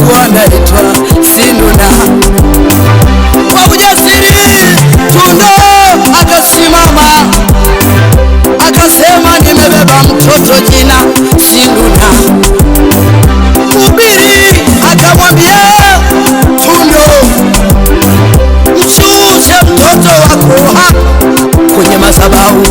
wangu anaitwa Sinuna. Kwa ujasiri Tunda akasimama akasema, nimebeba mtoto jina Sinuna. Mhubiri akamwambia Tundo, mchuze mtoto wako hapa kwenye madhabahu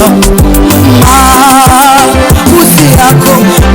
ah, usi yako